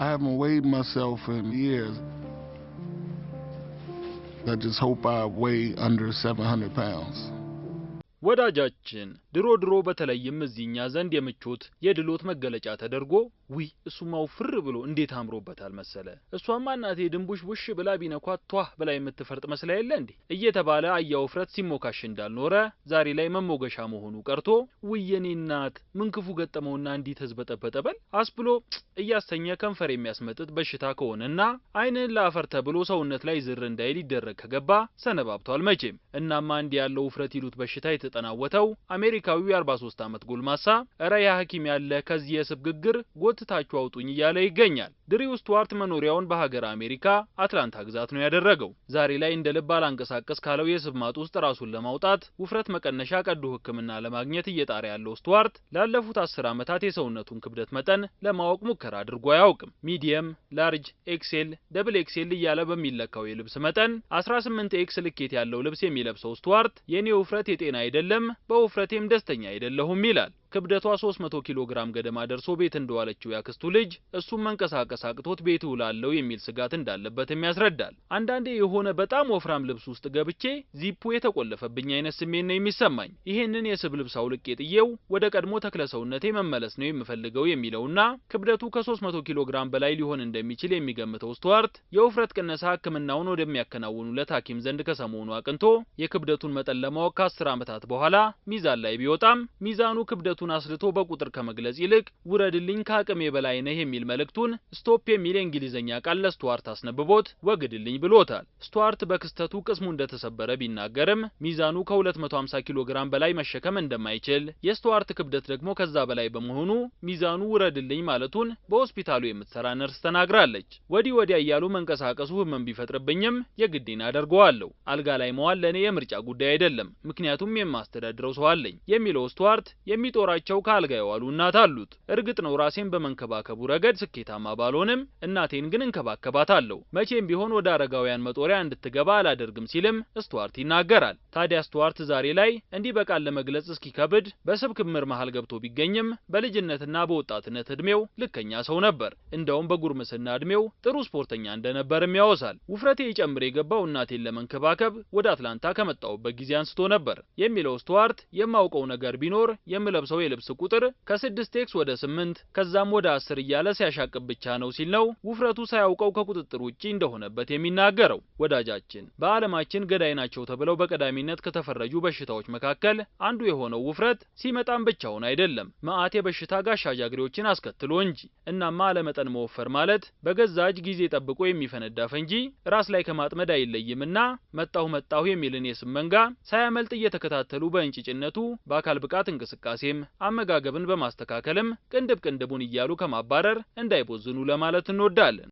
I haven't weighed myself in years. I just hope I weigh under 700 pounds. ወዳጃችን ድሮ ድሮ በተለይም እዚህኛ ዘንድ የምቾት የድሎት መገለጫ ተደርጎ ዊ እሱማው ፍር ብሎ እንዴት አምሮበታል መሰለ። እሷማ እናቴ ቡሽ ብላ ቢነኳት ቷ ብላ የምትፈርጥ መስላ የለ እንዴ እየተባለ አያ ውፍረት ሲሞካሽ እንዳልኖረ ዛሬ ላይ መሞገሻ መሆኑ ቀርቶ ውየኔ እናት ምን ክፉ ገጠመውና እንዲህ ተዝበጠበጠበል አስብሎ እያሰኘ ከንፈር የሚያስመጥጥ በሽታ ከሆነና አይንን ለአፈር ተብሎ ሰውነት ላይ ዝር እንዳይል ይደረግ ከገባ ሰነባብቷል መቼም። እናማ እንዲህ ያለው ውፍረት ይሉት በሽታ የተጠናወተው አሜሪካዊው የ43 ዓመት ጎልማሳ እረ ሐኪም ያለ ከዚህ የስብ ግግር ጎትታችሁ አውጡኝ እያለ ይገኛል። ድሪው ስቱዋርት መኖሪያውን በሀገር አሜሪካ አትላንታ ግዛት ነው ያደረገው። ዛሬ ላይ እንደ ልብ አላንቀሳቀስ ካለው የስብ ማጥ ውስጥ ራሱን ለማውጣት ውፍረት መቀነሻ ቀዶ ሕክምና ለማግኘት እየጣረ ያለው ስቱዋርት ላለፉት አስር ዓመታት የሰውነቱን ክብደት መጠን ለማወቅ ሙከራ አድርጎ አያውቅም። ሚዲየም፣ ላርጅ፣ ኤክሴል፣ ደብል ኤክሴል እያለ በሚለካው የልብስ መጠን 18 ኤክስ ልኬት ያለው ልብስ የሚለብሰው ስቱዋርት የኔ ውፍረት የጤና አይደል አይደለም፣ በውፍረቴም ደስተኛ አይደለሁም ይላል። ክብደቷ 300 ኪሎ ግራም ገደማ ደርሶ ቤት እንደዋለችው ያክስቱ ልጅ እሱም መንቀሳቀስ አቅቶት ቤት እውላለሁ የሚል ስጋት እንዳለበትም ያስረዳል። አንዳንዴ የሆነ በጣም ወፍራም ልብስ ውስጥ ገብቼ ዚፑ የተቆለፈብኝ አይነት ስሜት ነው የሚሰማኝ። ይሄንን የስብ ልብስ አውልቄ ጥዬው ወደ ቀድሞ ተክለ ሰውነቴ መመለስ ነው የምፈልገው የሚለውና ክብደቱ ከ300 ኪሎ ግራም በላይ ሊሆን እንደሚችል የሚገምተው ስቱዋርት የውፍረት ቅነሳ ሕክምናውን ወደሚያከናውኑለት ሐኪም ዘንድ ከሰሞኑ አቅንቶ የክብደቱን መጠን ለማወቅ ከ10 ዓመታት በኋላ ሚዛን ላይ ቢወጣም ሚዛኑ ክብደቱ ሰውነቱን አስልቶ በቁጥር ከመግለጽ ይልቅ ውረድልኝ ከአቅሜ በላይ ነህ የሚል መልእክቱን ስቶፕ የሚል የእንግሊዝኛ ቃል ለስቱዋርት አስነብቦት ወግድልኝ ብሎታል። ስቱዋርት በክስተቱ ቅስሙ እንደተሰበረ ቢናገርም ሚዛኑ ከ250 ኪሎ ግራም በላይ መሸከም እንደማይችል የስቱዋርት ክብደት ደግሞ ከዛ በላይ በመሆኑ ሚዛኑ ውረድልኝ ማለቱን በሆስፒታሉ የምትሰራ ነርስ ተናግራለች። ወዲህ ወዲያ እያሉ መንቀሳቀሱ ህመም ቢፈጥርብኝም የግዴን አደርገዋለሁ። አልጋ ላይ መዋል ለእኔ የምርጫ ጉዳይ አይደለም፣ ምክንያቱም የማስተዳድረው ሰው አለኝ የሚለው ስቱዋርት የሚጦ ጦራቸው ካልጋ የዋሉ እናት አሉት። እርግጥ ነው ራሴን በመንከባከቡ ረገድ ስኬታማ ባልሆንም እናቴን ግን እንከባከባታለሁ። መቼም ቢሆን ወደ አረጋውያን መጦሪያ እንድትገባ አላደርግም ሲልም ስቱዋርት ይናገራል። ታዲያ ስቱዋርት ዛሬ ላይ እንዲህ በቃል ለመግለጽ እስኪከብድ በስብ ክምር መሃል ገብቶ ቢገኝም በልጅነትና በወጣትነት እድሜው ልከኛ ሰው ነበር። እንደውም በጉርምስና እድሜው ጥሩ ስፖርተኛ እንደነበርም ያወሳል። ውፍረቴ ይጨምር የገባው እናቴን ለመንከባከብ ወደ አትላንታ ከመጣሁበት ጊዜ አንስቶ ነበር የሚለው ስቱዋርት የማውቀው ነገር ቢኖር የምለብሰው የለበሰው የልብስ ቁጥር ከ 6 ወደ 8 ከዛም ወደ 10 እያለ ሲያሻቅብ ብቻ ነው ሲል ነው ውፍረቱ ሳያውቀው ከቁጥጥር ውጪ እንደሆነበት የሚናገረው ወዳጃችን። በዓለማችን ገዳይ ናቸው ተብለው በቀዳሚነት ከተፈረጁ በሽታዎች መካከል አንዱ የሆነው ውፍረት ሲመጣም ብቻውን አይደለም መዓት የበሽታ ጋሻ ጃግሬዎችን አስከትሎ እንጂ። እናማ አለመጠን መወፈር ማለት በገዛ እጅ ጊዜ ጠብቆ የሚፈነዳ ፈንጂ ራስ ላይ ከማጥመድ አይለይምና መጣሁ መጣሁ የሚልን የስም መንጋ ሳያመልጥ እየተከታተሉ በእንጭጭነቱ በአካል ብቃት እንቅስቃሴም አመጋገብን በማስተካከልም ቅንድብ ቅንድቡን እያሉ ከማባረር እንዳይቦዝኑ ለማለት እንወዳለን።